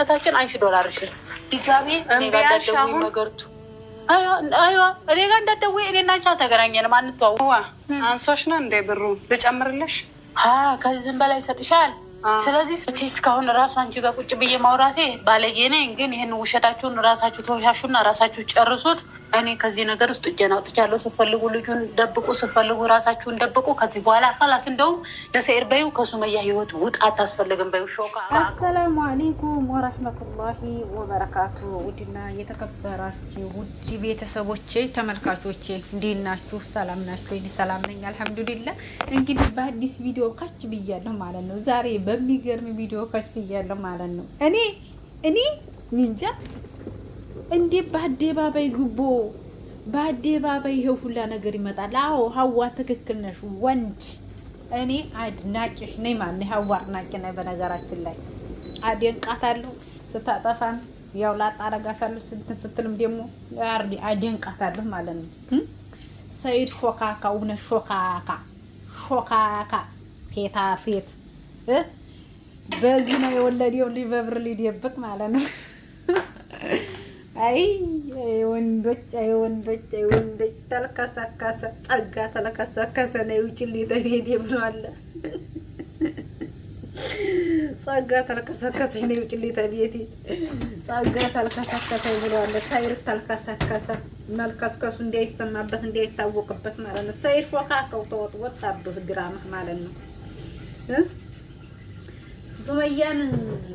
ነታችን አንሺ ዶላር እሺ፣ ድጋሜ ጋ አይዋ እኔ ጋር አንቺ አልተገናኘንም፣ አንተዋወቅም። ነው እንደ ብሩ ልጨምርልሽ፣ ከዚህም በላይ ይሰጥሻል። ስለዚህ እስካሁን ራሱ አንቺ ጋር ቁጭ ብዬ ማውራቴ ባለጌ ነኝ፣ ግን ይህን ውሸታችሁን ራሳችሁ ተወሻሹና ራሳችሁ ጨርሱት። እኔ ከዚህ ነገር ውስጥ እጄን አውጥቻለሁ። ስፈልጉ ልጁን ደብቁ፣ ስፈልጉ ራሳችሁን ደብቁ። ከዚህ በኋላ ካላስ እንደውም ለሰኤር በዩ ከሱመያ ህይወት ውጥ አታስፈልግም በዩ ሾካ አሰላሙ አሌይኩም ወረህመቱላሂ ወበረካቱ። ውድና የተከበራችሁ ውድ ቤተሰቦቼ ተመልካቾቼ እንዴት ናችሁ? ሰላም ናችሁ? እኔ ሰላም ነኝ አልሐምዱሊላ። እንግዲህ በአዲስ ቪዲዮ ካች ብያለሁ ማለት ነው። ዛሬ በሚገርም ቪዲዮ ካች ብያለሁ ማለት ነው። እኔ እኔ እንጃ እንዴ በአደባባይ ጉቦ በአደባባይ ይሄ ሁላ ነገር ይመጣል። አዎ ሀዋ ትክክል ነሽ። ወንድ እኔ አድናቂሽ ነኝ ማለት ሀዋ አድናቂ ነኝ። በነገራችን ላይ አደንቃታለሁ። ስታጠፋም ያው ላጣ አረጋታለሁ። ስንትን ስትልም ደግሞ አደንቃታለሁ ማለት ነው። ሰይድ ሾካካ ውነ ሾካካ ሾካካ ሴታ ሴት በዚህ ነው የወለደው ልጅ በብር ሊደብቅ ማለት ነው። አይ ወንዶች አይ ወንዶች አይ ወንዶች ተልከሰከሰ ጸጋ ተልከሰከሰ ነው ውጭልኝ ተቤት ብሏል። ጸጋ ተልከሰከሰ ነው ውጭልኝ ተቤት ጸጋ ተልከሰከሰ ብሏል። ሰይር ተልከሰከሰ መልከስከሱ እንዳይሰማበት እንዳይታወቅበት ማለት ነው። ሰይር ሾካከው ተወጥ ወጣብህ ግራምህ ማለት ነው። ሱመያንን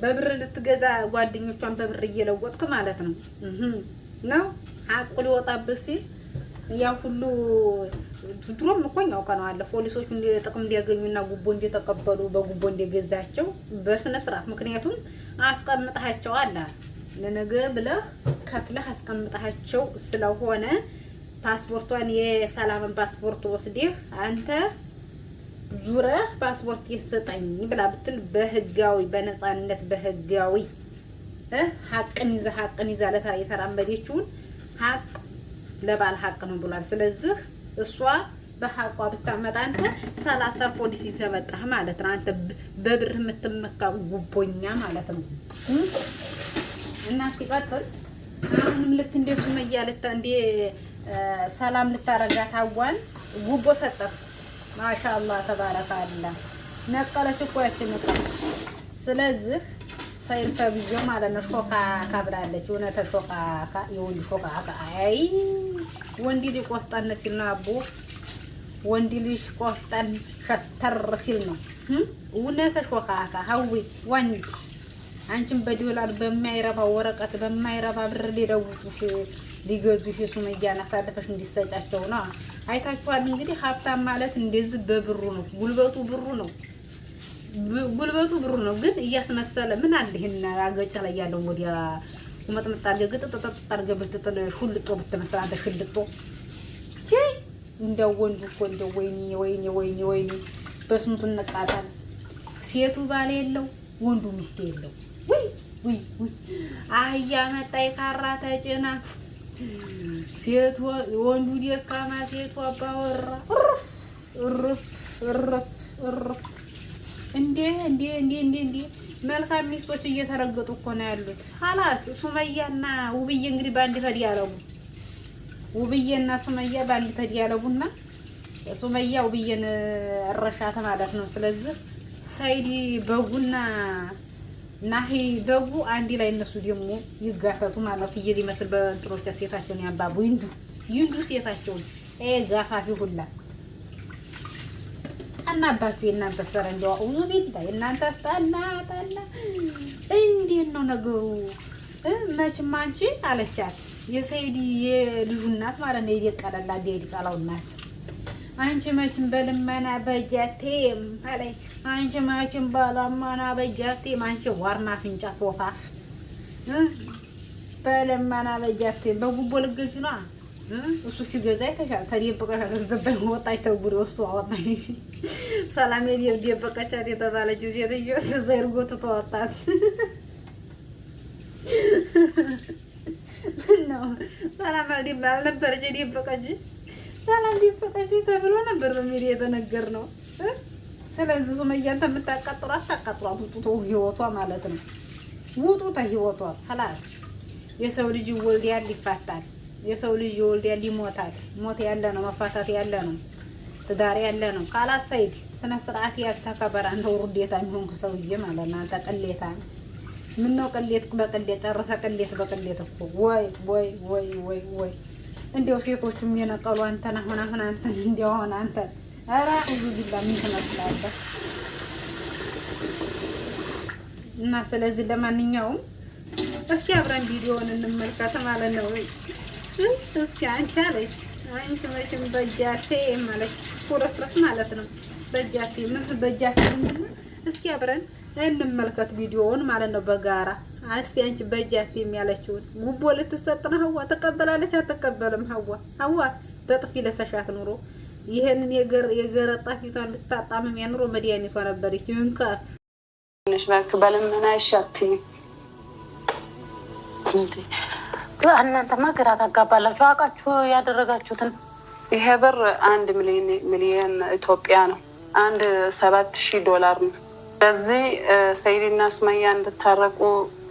በብር ልትገዛ ጓደኞቿን በብር እየለወጥክ ማለት ነው ነው ሀቁ ሊወጣብህ ሲል ያው ሁሉ ድሮም እኮ እኛ አውቀነዋለን። ፖሊሶች ጥቅም እንዲያገኙና ጉቦ እንዲተቀበሉ በጉቦ እንዲገዛቸው በስነ ስርዓት ምክንያቱም አስቀምጠሃቸው አለ ለነገ ብለህ ከፍለህ አስቀምጠሃቸው ስለሆነ ፓስፖርቷን የሰላምን ፓስፖርት ወስደህ አንተ ዙረህ ፓስፖርት ይሰጠኝ ብላ ብትል በህጋዊ በነፃነት በህጋዊ ሀቅን ይዛ ሀቅን ይዛ ለታ የተራመደችውን ሀቅ ለባል ሀቅ ነው ብሏል። ስለዚህ እሷ በሀቋ ብታመጣ አንተ ሰላሳ ፖሊስ ይሰበጣህ ማለት ነው። አንተ በብር የምትመካ ጉቦኛ ማለት ነው። እና ሲቀጥል አሁንም ልክ እንደ ሱመያ ልታ እንደ ሰላም ልታረጋት አዋን ጉቦ ሰጠህ ማሻአላህ ተባረካላ ነቀለች እኮ ያችን እቃ። ስለዚህ ሰይድ ተብዬው ማለት ነው ሾካ ካብላለች። እውነት ሾካ የወንድ ሾካ አይ ወንድ ልጅ ቆፍጠን ሲል ነው አቦ ወንድ ልጅ ቆፍጠን ሸተር ሲል ነው እውነት ሾካ ሀዊ ወንድ አንቺም በዶላር በማይረባ ወረቀት በማይረባ ብር ሊለውጡሽ ሊገዙሽ ሱመያን አሳልፈሽ እንዲሰጫቸው ነው። አይታችኋል እንግዲህ ሀብታም ማለት እንደዚህ በብሩ ነው። ጉልበቱ ብሩ ነው። ጉልበቱ ብሩ ነው። ግን እያስመሰለ ምን አለ ይሄን አገጫ ላይ ያለው ወዲያ ቁመጥ መጣል ግጥ ተጠጥ አድርገህ ብትጥል ሹልጦ ብትመስል አንተ ሽልጦ ቺ እንደ ወንዱ እኮ እንደ ወይኔ ወይኔ ወይኔ ወይኔ በስንቱ እንቃጣል። ሴቱ ባል የለው ወንዱ ሚስት የለው። አህያ መጣይ ካራ ተጭና ሴቶ ወንዱ ደካማ ሴቷ አባወራ እርፍ እርፍ እርፍ። እንዴ እንዴ እንዴ እንዴ እንዴ! መልካም ሚስቶች እየተረገጡ እኮ ነው ያሉት። ሀላስ ሱመያና ውብዬ እንግዲህ በአንድ ተዲያለቡ። ውብዬና ሱመያ በአንድ ተዲያለቡና ሱመያ ውብዬን እረሻት ማለት ነው። ስለዚህ ሰይድ በጉና እና ይሄ ደጉ አንድ ላይ እነሱ ደግሞ ይጋፈቱ ማለት ነው። ፍየል ይመስል በእንጥሮች ሴታቸውን ያባቡ ይንዱ ይንዱ ሴታቸውን ጋፋፊ ሁላ አናባችሁ የእናንተ ሰረ እንደዋ አውዙ ቢላ የእናንተ አስጣና አጣና እንዴት ነው ነገሩ? መችም አንቺ አለቻት የሰይድ የልጁ እናት ማለት ነው። የደቀለላ ዴድ ቃላው እናት አንቺ መችም በልመና በጃቴም አለች አንቺ ማችን ባላማና በጃቴ ማንቺ ዋርና ፍንጫ ቶፋ ባለማና በጃቴ በጉቦ ልገጅ ነ እሱ ሲገዛ ይተሻል ተደብቀሻል። አስገባኝ ወጣች ተጉሪ ወስቶ አወጣኝ ሰላም የደበቀቻት የተባለች ሴትዮ ዘይርጎ ትተወጣት ነው ሰላም አልነበረች የደበቀች ሰላም ደበቀች ተብሎ ነበር በሚዲያ የተነገር ነው። ስለዚህ ሱመያ እንትን የምታቃጥሯት ታቃጥሯት፣ ውጡ ተው ህይወቷ ማለት ነው። ውጡ ተህይወቷ ከላስ የሰው ልጅ ይወልዳል፣ ይፋታል። የሰው ልጅ ይወልዳል፣ ይሞታል። ሞት ያለ ነው፣ መፋታት ያለ ነው፣ ትዳር ያለ ነው። ካላስ ሰይድ ስነ ስርዓት ያልተከበረ አንተ ውርዴታ የሚሆን ከሰውዬ ማለት ነው። አንተ ቅሌታ ምን ነው ቅሌት በቅሌት ጨረሰ። ቅሌት በቅሌት እኮ ወይ ወይ ወይ ወይ ወይ እንዲያው ሴቶቹም የነቀሉ አንተን አሁን አሁን አንተን እንዲያው አሁን አንተን ኧረ እዚህ ምን ትመስላለህ? እና ስለዚህ ለማንኛውም እስኪ አብረን ቪዲዮውን እንመልከት ማለት ነው። እስኪ አንቺ አለች አንቺ መቼም በእጃቴ ማለት ቁርጥርጥ ማለት ነው። በእጃቴ ምን በእጃቴ ምንድነው? እስኪ አብረን እንመልከት ቪዲዮውን ማለት ነው በጋራ እስቲ አንቺ በእጃቴ የሚያለችውን ጉቦ ልትሰጥ ነው ሀዋ። ተቀበላለች አትቀበልም? ሀዋ ሀዋ በጥፊ ለሰሻት ኑሮ ይሄንን የገረጣ ፊቷን ብታጣምም ያኑሮ መድኃኒቷ ነበረች። ይንካፍ መልክ በልመና ይሻት እናንተማ ግራ ታጋባላችሁ። አውቃችሁ ያደረጋችሁትን ይሄ ብር አንድ ሚሊየን ኢትዮጵያ ነው። አንድ ሰባት ሺህ ዶላር ነው። ስለዚህ ሰይድና ሱመያ እንድታረቁ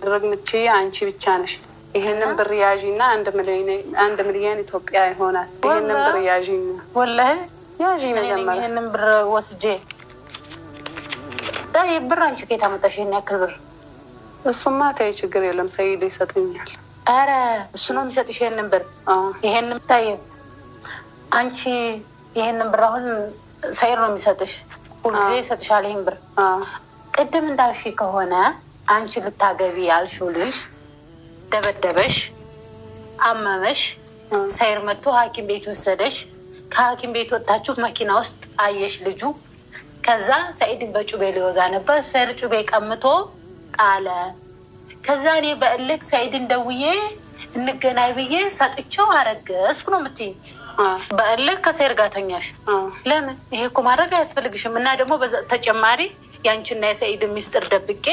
ድረግ ምቼ አንቺ ብቻ ነሽ ይሄንን ብር ያዥና አንድ ሚሊዮን ኢትዮጵያ ይሆናል። ይሄንን ብር ያዥና ወላሂ ያዥ መጀመሪያ ይሄንን ብር ወስጄ ብር አንቺ ከየት አመጣሽ ይህን ያክል ብር? እሱማ ተይ ችግር የለም ሰይዶ ይሰጥኛል። አረ እሱ ነው የሚሰጥሽ ይሄንን ብር። ይሄንን ታይ አንቺ ይሄንን ብር አሁን ሰይር ነው የሚሰጥሽ፣ ሁልጊዜ ይሰጥሻል ይህን ብር። ቅድም እንዳልሽ ከሆነ አንቺ ልታገቢ ያልሽው ልጅ ደበደበሽ፣ አመመሽ፣ ሰይር መጥቶ ሐኪም ቤት ወሰደሽ። ከሐኪም ቤት ወጥታችሁ መኪና ውስጥ አየሽ ልጁ። ከዛ ሰኢድን በጩቤ ሊወጋ ነበር። ሰይር ጩቤ ቀምቶ ጣለ። ከዛ እኔ በእልክ ሰኢድን ደውዬ እንገናኝ ብዬ ሰጥቼው አረገዝኩ ነው የምትይኝ። በእልክ ከሰይር ጋር ተኛሽ። ለምን ይሄ እኮ ማድረግ አያስፈልግሽም። እና ደግሞ ተጨማሪ ያንቺና የሰኢድን ሚስጥር ደብቄ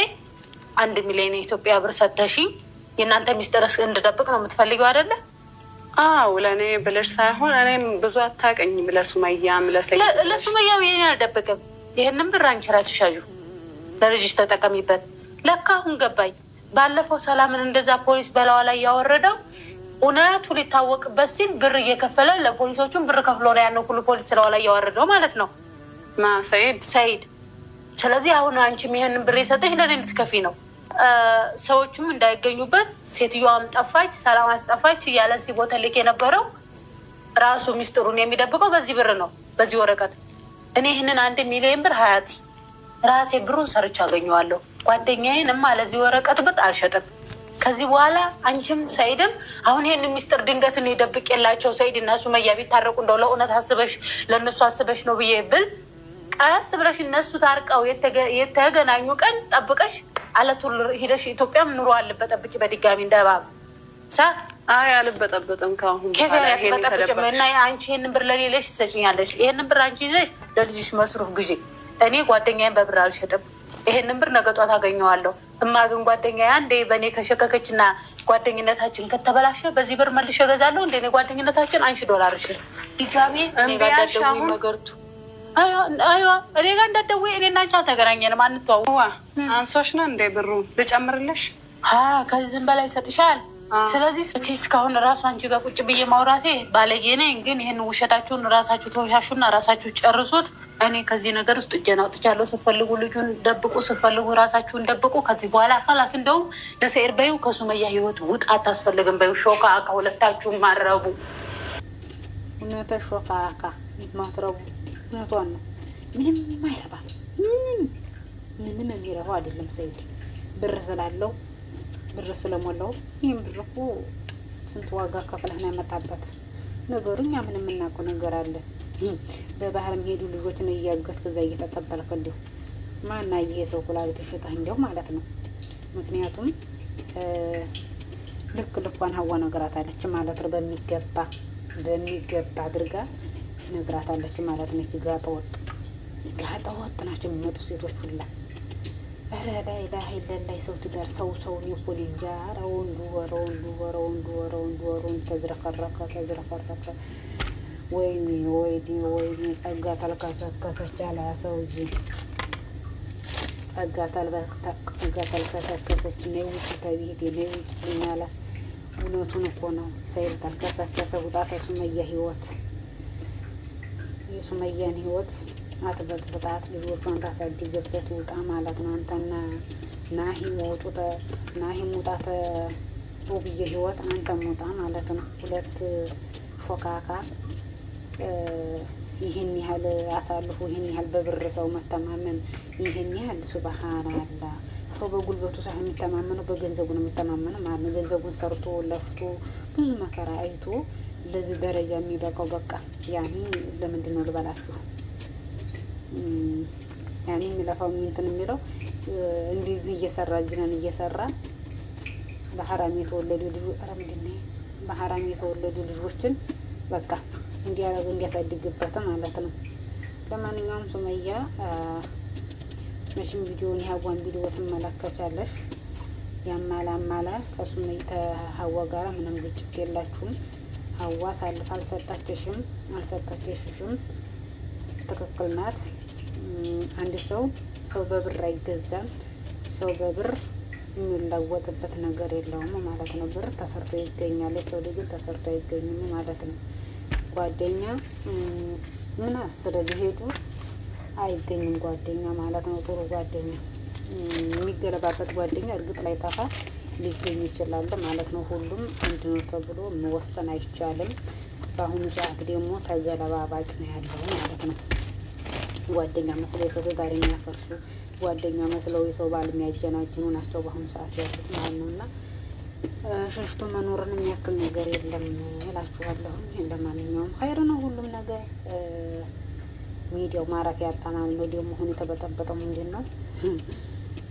አንድ ሚሊዮን የኢትዮጵያ ብር ሰተሽኝ የእናንተ ሚስጥር እንድጠብቅ ነው የምትፈልገው አይደለ? አዎ ለእኔ ብለሽ ሳይሆን እኔም ብዙ አታውቅኝም። ለሱመያም ለሱመያው ይህን አልደብቅም። ይህንም ብር አንቺ እራስሽ ያዡ፣ ለልጅሽ ተጠቀሚበት። ለካ አሁን ገባኝ። ባለፈው ሰላምን እንደዛ ፖሊስ በላዋ ላይ ያወረደው እውነቱ ሊታወቅበት ሲል ብር እየከፈለ ለፖሊሶቹም ብር ከፍሎ ነው ያነው ሁሉ ፖሊስ ስለዋ ላይ ያወረደው ማለት ነው ሰይድ ሰይድ። ስለዚህ አሁን አንቺም ይህንን ብር የሰጠሽ ለእኔ ልትከፊ ነው። ሰዎቹም እንዳይገኙበት ሴትዮዋም ጠፋች፣ ሰላም አስጠፋች እያለ እዚህ ቦታ ልክ የነበረው ራሱ ሚስጥሩን የሚደብቀው በዚህ ብር ነው፣ በዚህ ወረቀት። እኔ ይህንን አንድ ሚሊዮን ብር ሀያቲ ራሴ ብሩን ሰርች አገኘዋለሁ። ጓደኛዬን ለዚህ ወረቀት ብር አልሸጥም። ከዚህ በኋላ አንቺም ሰይድም አሁን ይህን ሚስጥር ድንገትን የደብቅ የላቸው ሰይድ እና ሱመያ ቢታረቁ እንደው ለእውነት አስበሽ ለእነሱ አስበሽ ነው ብዬ ብል ቀስ ብለሽ እነሱ ታርቀው የተገናኙ ቀን ጠብቀሽ አለቱ ሂደሽ ኢትዮጵያም ኑሮ አልበጠብጭ በድጋሚ እንደባብ ሳ አይ አልበጠበጥም። ከአሁን በጠብጭ እና አንቺ ይህንን ብር ለሌለሽ ትሰጭኛለሽ። ይህንን ብር አንቺ ይዘሽ ለልጅሽ መስሩፍ ግዢ። እኔ ጓደኛዬን በብር አልሸጥም። ይህንን ብር ነገ ጧት አገኘዋለሁ። እማ ግን ጓደኛ አንዴ በእኔ ከሸከከች ከሸከከችና ጓደኝነታችን ከተበላሸ በዚህ ብር መልሼ እገዛለሁ። እንደ እኔ ጓደኝነታችን አንሺ ዶላር እሺ ድጋሜ ጋዳደሙ መገርቱ እኔ ጋ እንዳትደውይ። እኔ እና አንቺ አልተገናኘንም፣ አንተዋወቅም። አንሶሽ ነው እንደ ብሩ ልጨምርልሽ። ከዚህም በላይ ይሰጥሻል። ስለዚህ እቲ እስካሁን እራሱ አንቺ ጋር ቁጭ ብዬ ማውራቴ ባለጌ ነኝ፣ ግን ይህን ውሸታችሁን ራሳችሁ ተወሻሹና ራሳችሁ ጨርሱት። እኔ ከዚህ ነገር ውስጥ እጄን አውጥቻለሁ። ስፈልጉ ልጁን ደብቁ፣ ስፈልጉ ራሳችሁን ደብቁ። ከዚህ በኋላ ከላስ እንደውም ለሰኢድ በይው ከሱመያ ህይወት ውጥ፣ አታስፈልግም በይው። ሾካ ከሁለታችሁ ማረቡ እውነተ ሾካ ማትረቡ እውነቷን ነው። ምንም አይረባም። ምንም ምንም የሚረባው አይደለም። ሰይድ ብር ስላለው ብር ስለሞላው ይህም ብር እኮ ስንት ዋጋ ከፍለህ ነው ያመጣበት። ነገሩ እኛ ምን የምናውቀው ነገር አለ። በባህር የሚሄዱ ልጆችን እያገት ከዛ እየተቀበልክ እንዲሁ ማና ይሄ ሰው ኩላሊት ሽጠህ እንዲያው ማለት ነው። ምክንያቱም ልክ ልኳን ሀዋ ነገራት አለች ማለት ነው። በሚገባ በሚገባ አድርጋ ነግራታለች ማለት ነች። ጋጠወጥ ጋጠወጥ ናቸው የሚመጡ ሴቶች ሁላ። ኧረ ላይላህ ይለላይ ሰው ትዳር ሰው ሰውን የፖሊጃ ኧረ ወንዱ ወረ ወንዱ ወረ ወንዱ ወረ ወንዱ ወረ ወንዱ ተዝረፈረፈ ተዝረፈረፈ። ወይኔ ወይኔ ወይኔ ጸጋ ተልከሰከሰች አለ ሰውዬ። ጸጋ ተልከሰከሰች ነይ ውጭ ከቤቴ ነይ ውጭ ትኛለ። እውነቱን እኮ ነው። ሰይድ ተልከሰከሰ ውጣ ከሱመያ ህይወት የሱመያን ህይወት አትበጥብጣት፣ ልጆቿን ታሳድግበት፣ ውጣ ማለት ነው። አንተና ናሂ ወጡ ናሂ ውጣ ተውብዬ ህይወት አንተ ውጣ ማለት ነው። ሁለት ፎካካ ይህን ያህል አሳልፎ ይህን ያህል በብር ሰው መተማመን ይህን ያህል ሱብሃናላ። ሰው በጉልበቱ ሳይሆን የሚተማመነው በገንዘቡ ነው የሚተማመነው ማለት ነው። ገንዘቡን ሰርቶ ለፍቶ ብዙ መከራ አይቶ ለዚህ ደረጃ የሚበቃው በቃ ያኔ ለምንድን ነው ልበላችሁ ያኔ የሚለፋው እንትን የሚለው እንደዚህ እየሰራ ጅነን እየሰራ በሀራም የተወለዱ ልጆች ኧረ ምንድን በሀራም የተወለዱ ልጆችን በቃ እንዲያረጉ እንዲያሳድግበት ማለት ነው። ለማንኛውም ሱመያ መቼም ቪዲዮን የሀዋን ቪዲዮ ትመለከቻለሽ። ያማላ አማላ ከሱመይ ተሀዋ ጋራ ምንም ግጭት የላችሁም። ሀዋ ሳልፍ አልሰጣችሽም አልሰጣችሽም ትክክል ናት። አንድ ሰው ሰው በብር አይገዛም። ሰው በብር የሚለወጥበት ነገር የለውም ማለት ነው። ብር ተሰርቶ ይገኛል። የሰው ልጅ ተሰርቶ አይገኝም ማለት ነው። ጓደኛ ምን አስር ቢሄዱ አይገኝም ጓደኛ ማለት ነው። ጥሩ ጓደኛ የሚገለባበት ጓደኛ እርግጥ ላይ ጠፋ ሊገኝ ይችላል ማለት ነው። ሁሉም አንድ ነው ተብሎ መወሰን አይቻልም። በአሁኑ ሰዓት ደግሞ ተገለባባጭ ነው ያለው ማለት ነው። ጓደኛ መስለው የሰው ጋር የሚያፈርሱ ጓደኛ መስለው የሰው ባል የሚያጀናጅኑ ናቸው በአሁኑ ሰዓት ያሉት ማለት ነው። እና ሸሽቶ መኖርን የሚያክል ነገር የለም እላችኋለሁ። ለማንኛውም ሀይር ነው ሁሉም ነገር። ሚዲያው ማረፊያ ያጣናል ነው። ደግሞ አሁን የተበጠበጠው ምንድን ነው?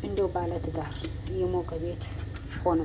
እንደው ባለ ትዳር የሞቀ ቤት ಫೋನ್